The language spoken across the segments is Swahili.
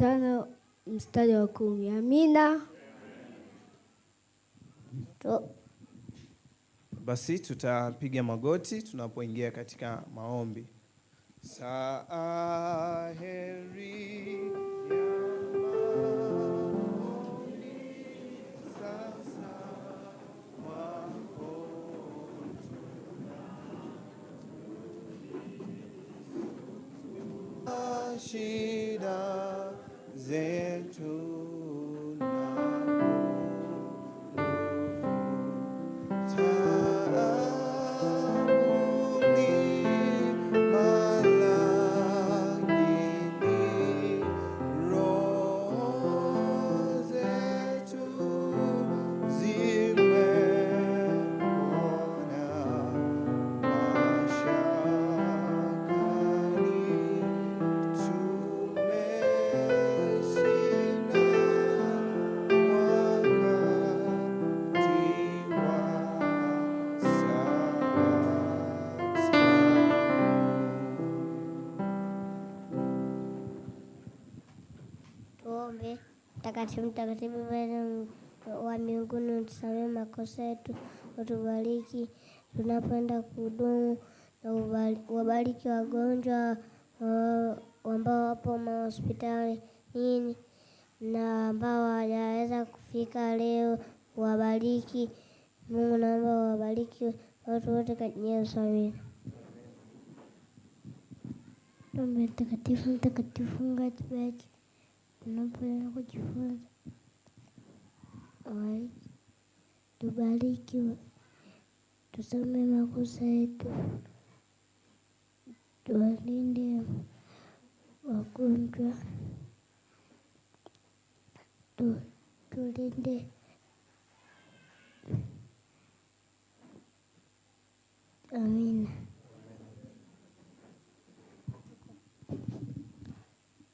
tano mstari wa kumi. Amina. Basi tutapiga magoti tunapoingia katika maombi. Saheri Mtakatifu, mtakatifu, Baba wa mbinguni, utusamehe makosa yetu, utubariki tunapoenda kuhudumu, na wabariki wagonjwa ambao wapo nini na ambao hawajaweza kufika leo, wabariki Mungu, naomba wabariki watu wote kwa jina la Yesu, amina. Mtakatifu, ngati baki no pero what you want right tubariki tusame makosa yetu tuwalinde wagonjwa tu, tulinde amina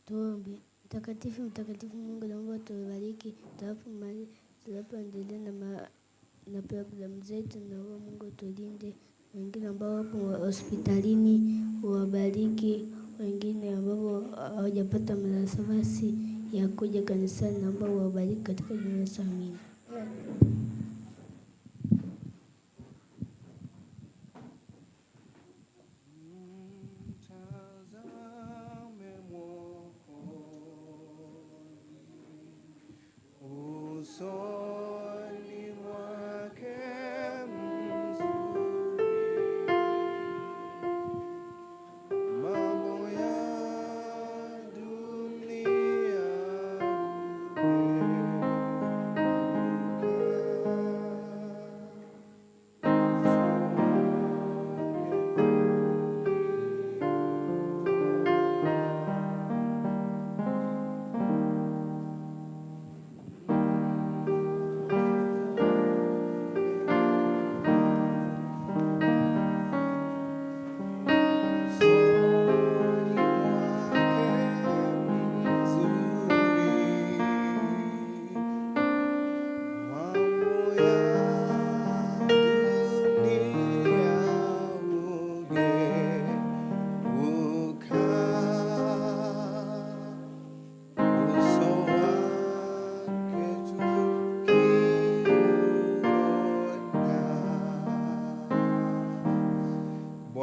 tuombe Mtakatifu, mtakatifu Mungu, naomba tubariki tunapoendelea na, na programu zetu. Naomba Mungu tulinde wengine ambao wapo hospitalini, uwabariki wengine ambao hawajapata nafasi ya kuja kanisani, naomba uwabariki katika jina la Yesu, amina.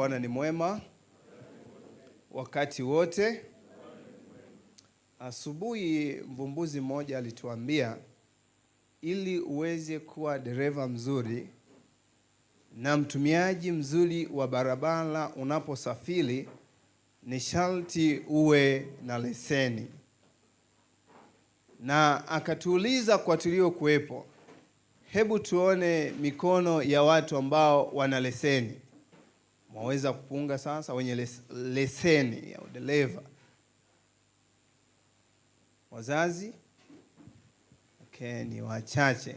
Bwana ni mwema wakati wote. Asubuhi mvumbuzi mmoja alituambia ili uweze kuwa dereva mzuri na mtumiaji mzuri wa barabara unaposafiri, ni sharti uwe na leseni, na akatuuliza kwa tuliokuwepo, hebu tuone mikono ya watu ambao wana leseni waweza kupunga sasa, wenye leseni ya udereva wazazi okay, ni wachache,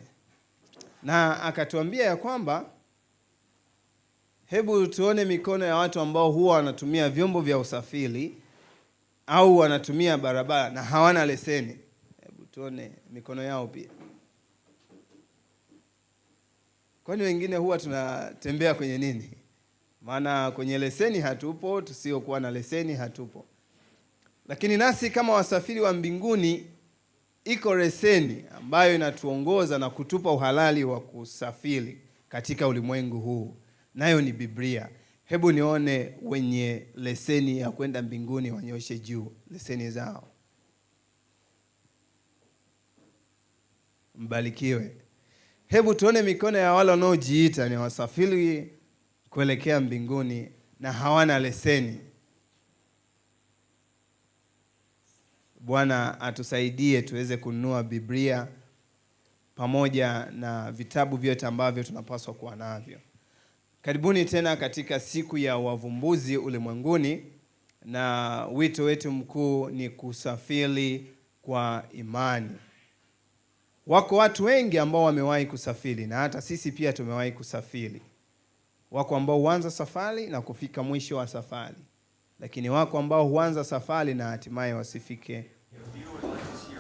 na akatuambia ya kwamba hebu tuone mikono ya watu ambao huwa wanatumia vyombo vya usafiri au wanatumia barabara na hawana leseni. Hebu tuone mikono yao pia, kwani wengine huwa tunatembea kwenye nini? maana kwenye leseni hatupo, tusiokuwa na leseni hatupo. Lakini nasi kama wasafiri wa mbinguni, iko leseni ambayo inatuongoza na kutupa uhalali wa kusafiri katika ulimwengu huu, nayo ni Biblia. Hebu nione wenye leseni ya kwenda mbinguni wanyoshe juu leseni zao. Mbarikiwe. Hebu tuone mikono ya wale wanaojiita ni wasafiri kuelekea mbinguni na hawana leseni. Bwana atusaidie tuweze kununua Biblia pamoja na vitabu vyote ambavyo tunapaswa kuwa navyo. Karibuni tena katika siku ya wavumbuzi ulimwenguni, na wito wetu mkuu ni kusafiri kwa imani. Wako watu wengi ambao wamewahi kusafiri na hata sisi pia tumewahi kusafiri, Wako ambao huanza safari na kufika mwisho wa safari, lakini wako ambao huanza safari na hatimaye wasifike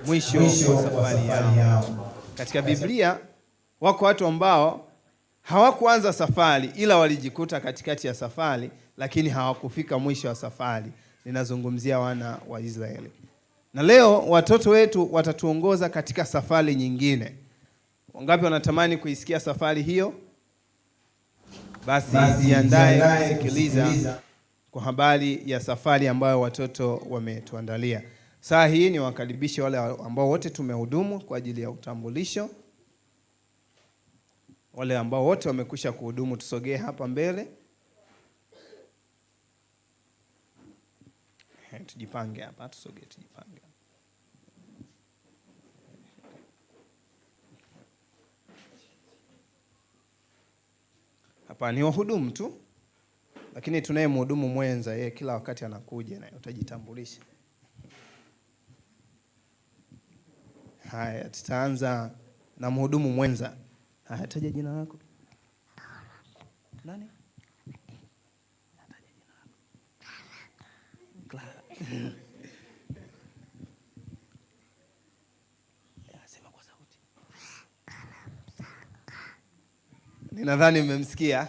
mwisho wa safari yao. Katika Biblia wako watu ambao hawakuanza safari ila walijikuta katikati ya safari, lakini hawakufika mwisho wa safari. Ninazungumzia wana wa Israeli. Na leo watoto wetu watatuongoza katika safari nyingine. Wangapi wanatamani kuisikia safari hiyo? Basi jiandaye kusikiliza kwa habari ya safari ambayo watoto wametuandalia. Saa hii ni wakaribishe wale ambao wote tumehudumu kwa ajili ya utambulisho. Wale ambao wote wamekwisha kuhudumu, tusogee hapa mbele, tujipange hapa, tusogee, tujipange. Hapa ni wahudumu tu, lakini tunaye mhudumu mwenza, yeye kila wakati anakuja na utajitambulisha. Haya, tutaanza na mhudumu mwenza. Haya, taja jina lako. Nani? Nataja jina lako. Clara. Ninadhani mmemsikia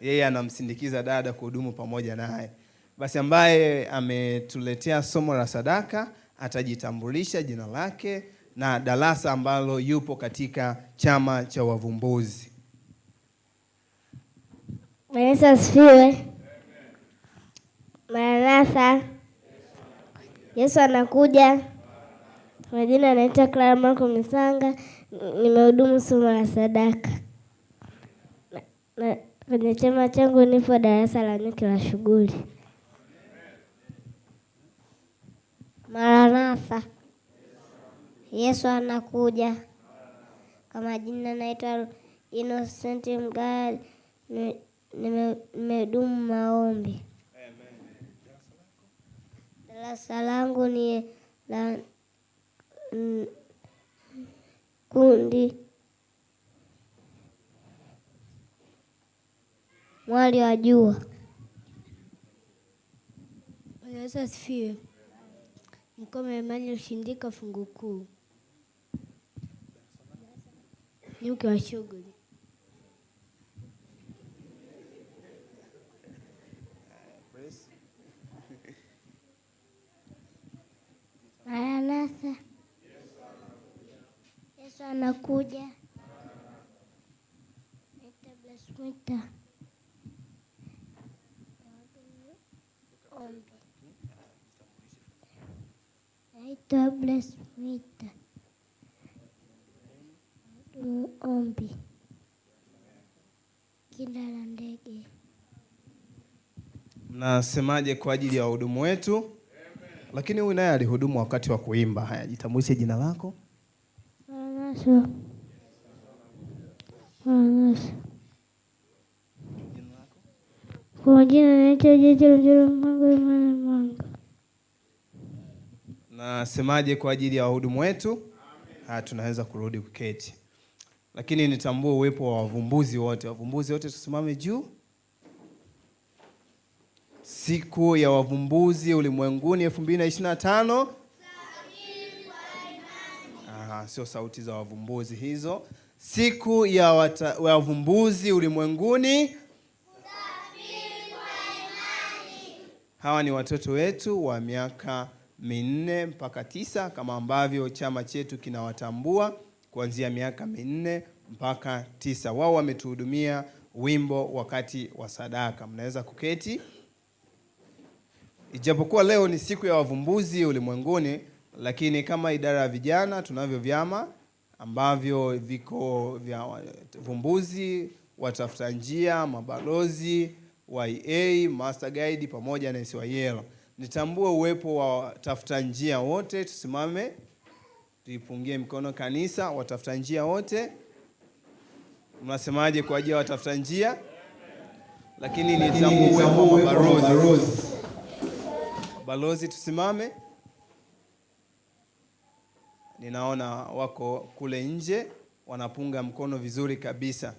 yeye anamsindikiza dada kuhudumu pamoja naye. Basi ambaye ametuletea somo la sadaka atajitambulisha jina lake na darasa ambalo yupo katika chama cha wavumbuzi. Yesu asifiwe. Maranatha, Yesu anakuja. Majina anaitwa Clara mako Misanga, nimehudumu somo la sadaka kwenye chama changu nipo darasa la nne la shughuli. Maranatha, Yesu anakuja. Kama jina naitwa Innocent Mgaya, nimedumu maombi. Darasa langu ni la kundi mwali wa jua. Bwana Yesu asifiwe. Mkome Emmanuel Shindika, fungu kuu nyuki wa shughuli. Maranatha, Yesu anakuja. Mwita. oldu. Kila la ndege. Nasemaje kwa ajili ya wahudumu wetu? Lakini huyu naye alihudumu wakati wa kuimba. Haya, jitambulishe jina lako. Kwa majina naitwa Jeje Imani Mwanga. Nasemaje kwa ajili ya wahudumu wetu? Ha, tunaweza kurudi kuketi, lakini nitambue uwepo wa wavumbuzi wote. Wavumbuzi wote tusimame juu. Siku ya wavumbuzi ulimwenguni elfu mbili na ishirini na tano. Aha, sio sauti za wavumbuzi hizo. Siku ya wata, wavumbuzi ulimwenguni Hawa ni watoto wetu wa miaka minne mpaka tisa kama ambavyo chama chetu kinawatambua kuanzia miaka minne mpaka tisa. Wao wametuhudumia wimbo wakati wa sadaka. Mnaweza kuketi. Ijapokuwa leo ni siku ya wavumbuzi ulimwenguni, lakini kama idara ya vijana tunavyo vyama ambavyo viko vya vumbuzi, watafuta njia, mabalozi YA, Master Guide pamoja na SYL. Nitambue uwepo wa watafuta njia wote, tusimame tuipungie mkono kanisa. Watafuta njia wote, mnasemaje kwa ajili ya watafuta njia? Lakini nitambue uwepo wa balozi. Balozi tusimame, ninaona wako kule nje wanapunga mkono vizuri kabisa.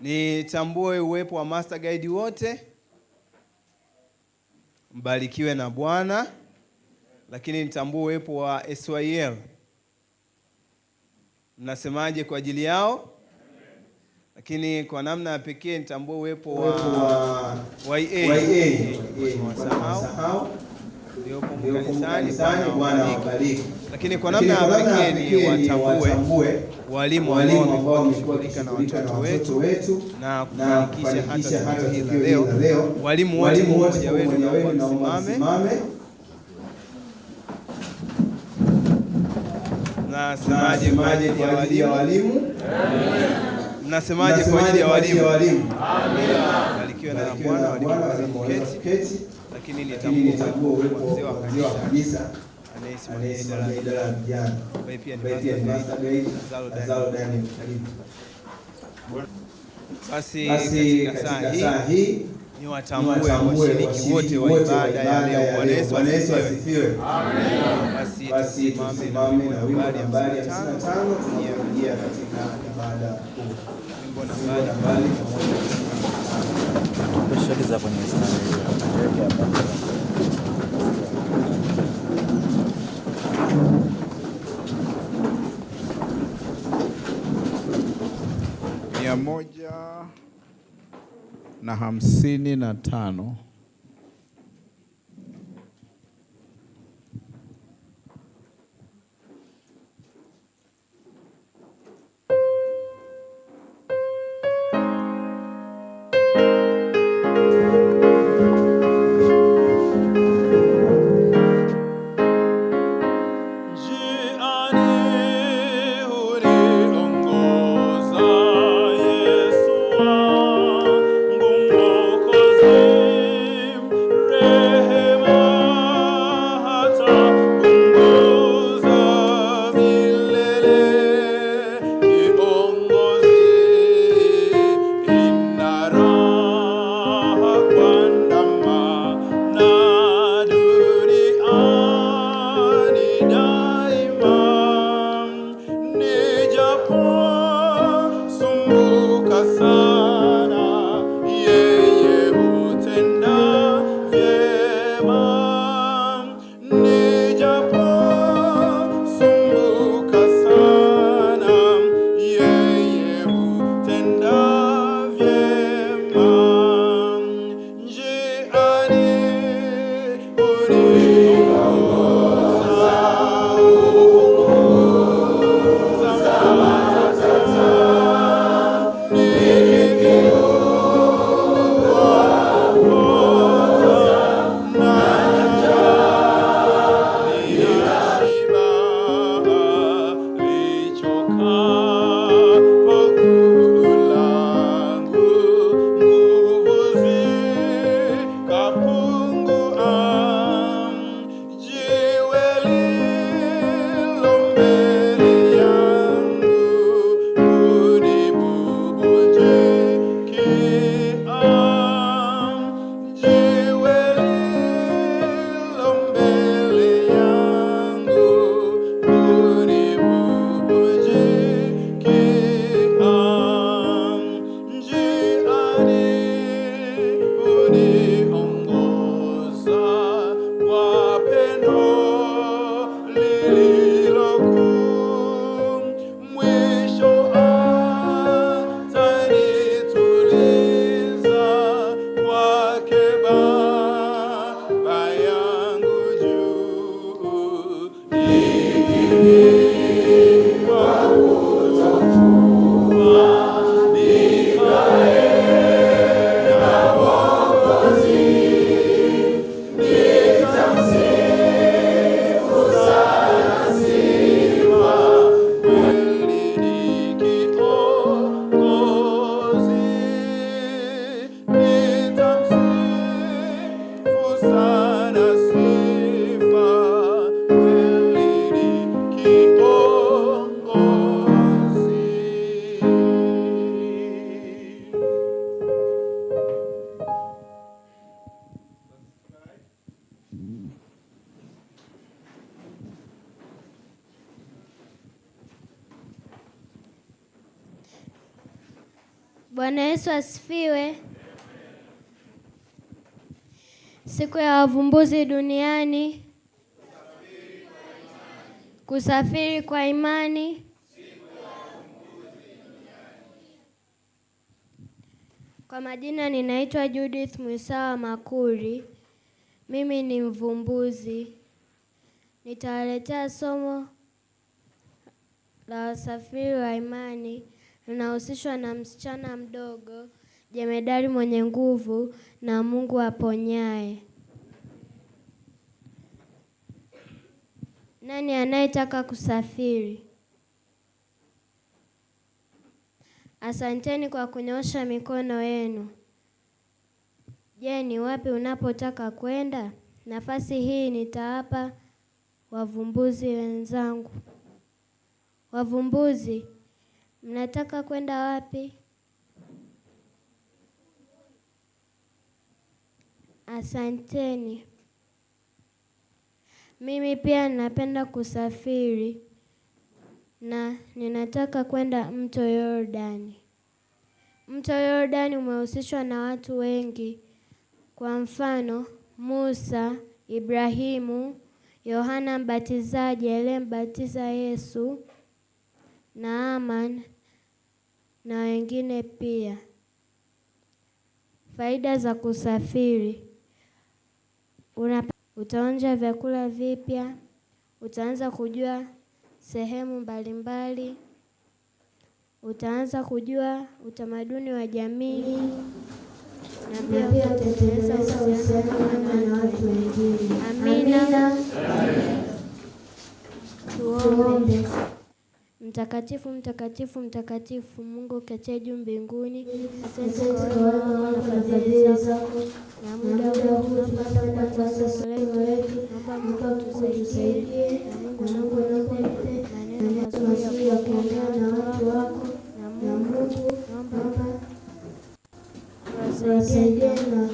Nitambue uwepo wa Master Guide wote Mbarikiwe na Bwana, lakini nitambue uwepo wa SYL. Mnasemaje kwa ajili yao? Lakini kwa namna ya pekee nitambue uwepo wa YA iliyopo kanisani. Bwana awabariki. Lakini kwa namna ya pekee watambue walimu ambao wamekuwa wameshughulika na watoto wetu na kufanikisha hata tukio hili la leo. Walimu wote mmoja wenu naomba msimame. Mnasemaje kwa ajili ya walimu? Mnasemaje kwa ajili ya walimu? Amen. Barikiwe na Bwana, walimu wa wazamuketi lakini nilitambua uwepo wa kanisa anayesimamia idara ya vijana ambaye pia ni Pastor Daniel Mkalimu. Basi katika saa hii ni watambue washiriki wote wa ibada ya leo. Bwana Yesu asifiwe. Basi tusimame na wimbo nambari 55 tunaingia katika ibada kuu. Wimbo nambari shoti za kwenye mia moja na hamsini na tano. Bwana Yesu asifiwe. Siku ya wavumbuzi duniani. Kusafiri kwa imani. Kwa majina ninaitwa Judith Mwisawa Makuri. Mimi ni mvumbuzi. Nitawaletea somo la wasafiri wa imani unahusishwa na msichana mdogo, jemedari mwenye nguvu na Mungu aponyaye. Nani anayetaka kusafiri? Asanteni kwa kunyoosha mikono yenu. Je, ni wapi unapotaka kwenda? Nafasi hii nitawapa wavumbuzi wenzangu. Wavumbuzi Mnataka kwenda wapi? Asanteni. Mimi pia napenda kusafiri na ninataka kwenda mto Yordani. Mto Yordani umehusishwa na watu wengi. Kwa mfano, Musa, Ibrahimu, Yohana Mbatizaji aliyembatiza Yesu. Naaman na wengine pia. Faida za kusafiri: Unapa, utaonja vyakula vipya, utaanza kujua sehemu mbalimbali, utaanza kujua utamaduni wa jamii na pia utaendeleza uhusiano na watu wengine. Amina. Tuombe. Mtakatifu, mtakatifu, mtakatifu, Mungu uketie juu mbinguni. Asante kwa wema na fadhili zako, na muda unaopata kwa sasa letu, naomba utusaidie na Mungu unipe maneno mazuri ya kuongea na watu wako, na Mungu naomba uwasaidie na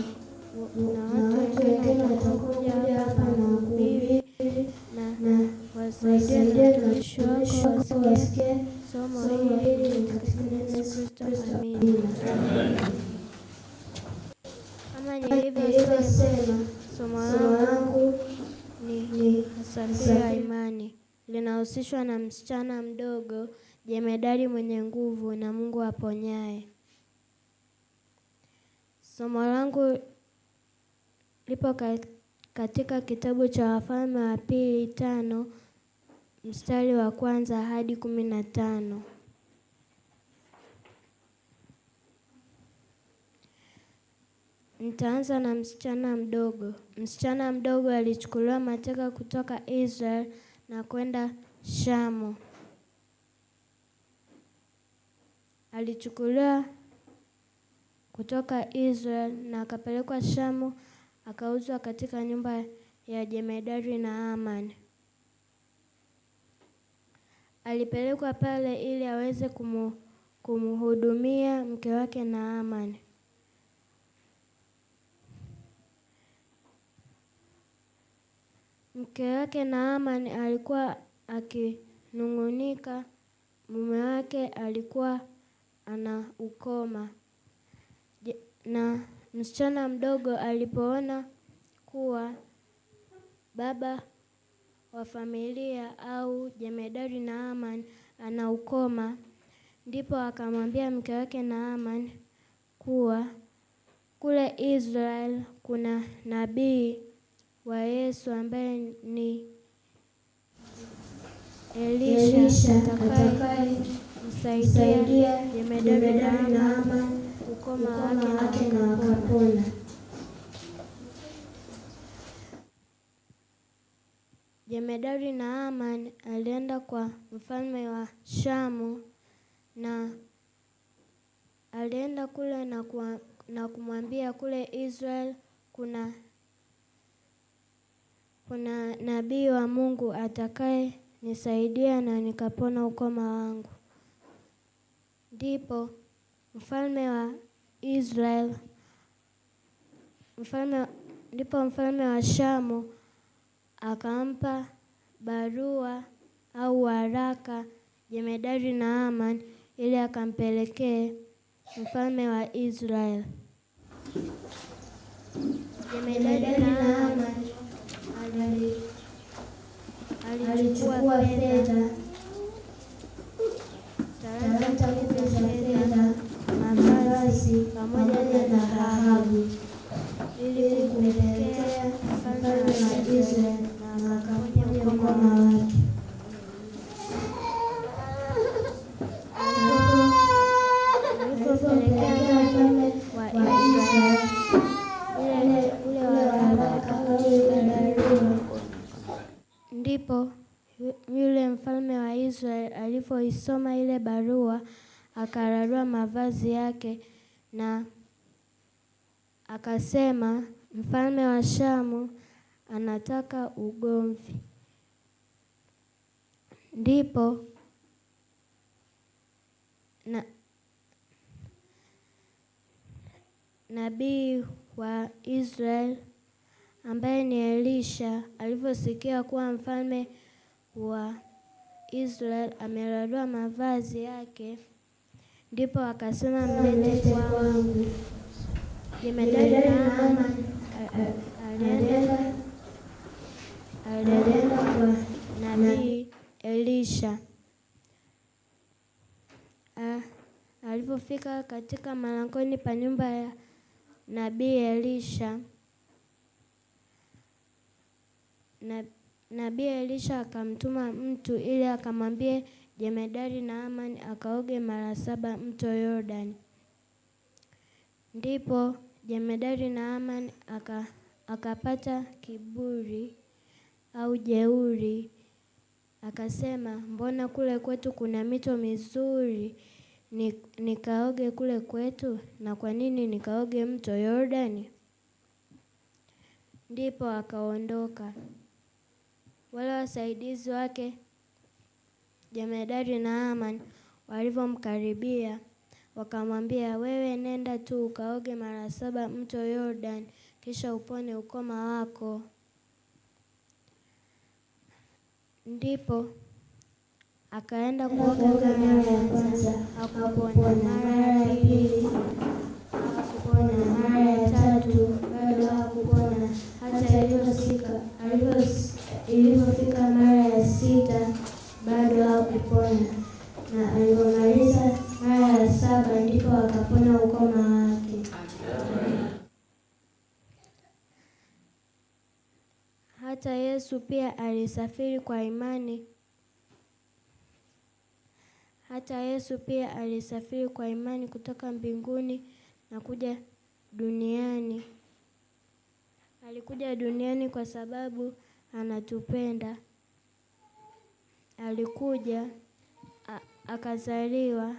kuhusishwa na msichana mdogo, jemedari mwenye nguvu na Mungu aponyaye. Somo langu lipo katika kitabu cha Wafalme wa Pili tano mstari wa kwanza hadi kumi na tano. Nitaanza na msichana mdogo. Msichana mdogo alichukuliwa mateka kutoka Israel na kwenda Shamu. Alichukuliwa kutoka israel na akapelekwa Shamu, akauzwa katika nyumba ya jemedari Naamani. Alipelekwa pale ili aweze kumhudumia mke wake Naamani. Mke wake Naamani alikuwa akinung'unika, mume wake alikuwa ana ukoma. Na msichana mdogo alipoona kuwa baba wa familia au jemedari Naaman ana ukoma, ndipo akamwambia mke wake Naaman kuwa kule Israel kuna nabii wa Yesu ambaye ni Elisha jemedari na Naama ukoma wake na akapona. Jemedari Naaman alienda kwa mfalme wa Shamu na alienda kule na, na kumwambia kule Israel kuna kuna nabii wa Mungu atakaye nisaidia na nikapona ukoma wangu. Ndipo mfalme wa Israel mfalme, ndipo mfalme wa Shamu akampa barua au waraka jemedari Naaman ili akampelekee mfalme wa Israel. Jemedari Naaman alichukua fedha talanta kumi za fedha, mavazi pamoja na dhahabu ili kumpelekea mfalme wa Israeli. alipoisoma ile barua akararua mavazi yake na akasema, mfalme wa Shamu anataka ugomvi. Ndipo na nabii wa Israel ambaye ni Elisha alivyosikia kuwa mfalme wa Israel amerarua mavazi yake. Ndipo akasema mlete kwangu. Jemedari Naama alienda kwa nabii Elisha. Alipofika katika malangoni pa nyumba ya nabii Elisha na Nabii Elisha akamtuma mtu ili akamwambie jemedari Naamani akaoge mara saba mto Yordani. Ndipo jemedari Naamani aka, akapata kiburi au jeuri, akasema mbona kule kwetu kuna mito mizuri nikaoge kule kwetu, na kwa nini nikaoge mto Yordani? Ndipo akaondoka wale wasaidizi wake jemedari na aman walivyomkaribia wakamwambia, wewe nenda tu ukaoge mara saba mto Yordan, kisha upone ukoma wako. Ndipo akaenda kuoga mara ya kwanza, hakupona. Mara ya pili Maria alisafiri kwa imani. Hata Yesu pia alisafiri kwa imani kutoka mbinguni na kuja duniani. Alikuja duniani kwa sababu anatupenda. Alikuja akazaliwa